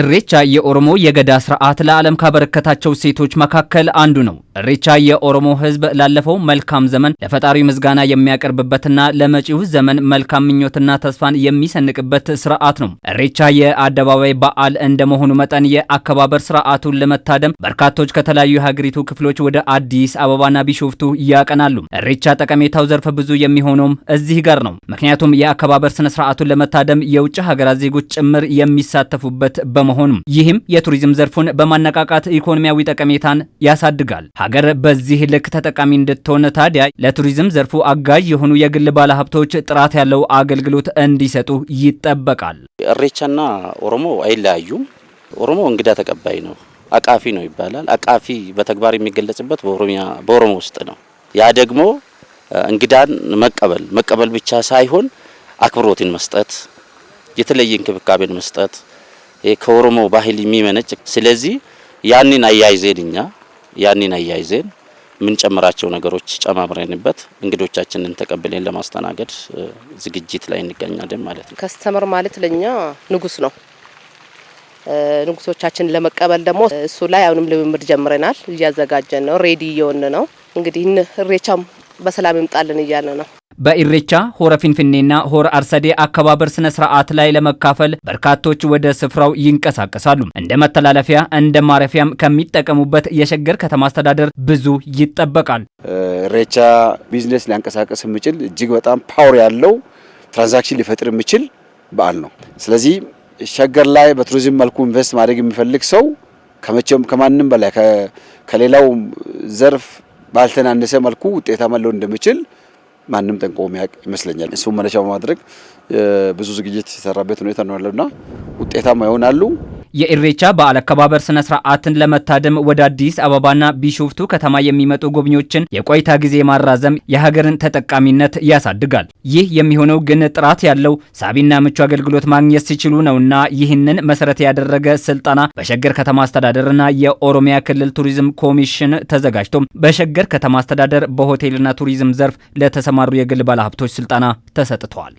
እሬቻ የኦሮሞ የገዳ ስርዓት ለዓለም ካበረከታቸው ሴቶች መካከል አንዱ ነው። እሬቻ የኦሮሞ ሕዝብ ላለፈው መልካም ዘመን ለፈጣሪው ምስጋና የሚያቀርብበትና ለመጪው ዘመን መልካም ምኞትና ተስፋን የሚሰንቅበት ስርዓት ነው። እሬቻ የአደባባይ በዓል እንደመሆኑ መጠን የአከባበር ስርዓቱን ለመታደም በርካቶች ከተለያዩ የሀገሪቱ ክፍሎች ወደ አዲስ አበባና ቢሾፍቱ ያቀናሉ። እሬቻ ጠቀሜታው ዘርፈ ብዙ የሚሆነውም እዚህ ጋር ነው። ምክንያቱም የአከባበር ስነ ስርዓቱን ለመታደም የውጭ ሀገራት ዜጎች ጭምር የሚሳተፉበት በ በመሆኑ ይህም የቱሪዝም ዘርፉን በማነቃቃት ኢኮኖሚያዊ ጠቀሜታን ያሳድጋል። ሀገር በዚህ ልክ ተጠቃሚ እንድትሆን ታዲያ ለቱሪዝም ዘርፉ አጋዥ የሆኑ የግል ባለሀብቶች ጥራት ያለው አገልግሎት እንዲሰጡ ይጠበቃል። እሬቻና ኦሮሞ አይለያዩም። ኦሮሞ እንግዳ ተቀባይ ነው፣ አቃፊ ነው ይባላል። አቃፊ በተግባር የሚገለጽበት በኦሮሞ ውስጥ ነው። ያ ደግሞ እንግዳን መቀበል መቀበል ብቻ ሳይሆን አክብሮትን መስጠት፣ የተለየ እንክብካቤን መስጠት ከኦሮሞ ባህል የሚመነጭ ስለዚህ ያንን አያይዘን እኛ ያንን አያይዘን የምንጨምራቸው ነገሮች ጨማምረንበት እንግዶቻችንን ተቀብለን ለማስተናገድ ዝግጅት ላይ እንገኛለን ማለት ነው። ከስተመር ማለት ለኛ ንጉስ ነው። ንጉሶቻችን ለመቀበል ደግሞ እሱ ላይ አሁንም ልምምድ ጀምረናል። እያዘጋጀን ነው። ሬዲ እየሆን ነው። እንግዲህ እሬቻም በሰላም ይምጣልን እያለ ነው። በኢሬቻ ሆረ ፊንፊኔና ሆረ አርሰዴ አከባበር ስነ ስርዓት ላይ ለመካፈል በርካቶች ወደ ስፍራው ይንቀሳቀሳሉ። እንደ መተላለፊያ እንደ ማረፊያም ከሚጠቀሙበት የሸገር ከተማ አስተዳደር ብዙ ይጠበቃል። ኢሬቻ ቢዝነስ ሊያንቀሳቀስ የሚችል እጅግ በጣም ፓወር ያለው ትራንዛክሽን ሊፈጥር የሚችል በዓል ነው። ስለዚህ ሸገር ላይ በቱሪዝም መልኩ ኢንቨስት ማድረግ የሚፈልግ ሰው ከመቼውም ከማንም በላይ ከሌላው ዘርፍ ባልተናነሰ መልኩ ውጤታማ ሊሆን እንደሚችል ማንም ጠንቆ የሚያውቅ ይመስለኛል። እሱም መነሻ በማድረግ ብዙ ዝግጅት የሰራበት ሁኔታ ነው ያለውና ውጤታማ ይሆናሉ። የኢሬቻ በዓል አከባበር ስነ ስርዓትን ለመታደም ወደ አዲስ አበባና ቢሾፍቱ ከተማ የሚመጡ ጎብኚዎችን የቆይታ ጊዜ ማራዘም የሀገርን ተጠቃሚነት ያሳድጋል። ይህ የሚሆነው ግን ጥራት ያለው ሳቢና ምቹ አገልግሎት ማግኘት ሲችሉ ነውና ይህንን መሰረት ያደረገ ስልጠና በሸገር ከተማ አስተዳደርና የኦሮሚያ ክልል ቱሪዝም ኮሚሽን ተዘጋጅቶ በሸገር ከተማ አስተዳደር በሆቴልና ቱሪዝም ዘርፍ ለተሰማሩ የግል ባለሀብቶች ስልጠና ተሰጥተዋል።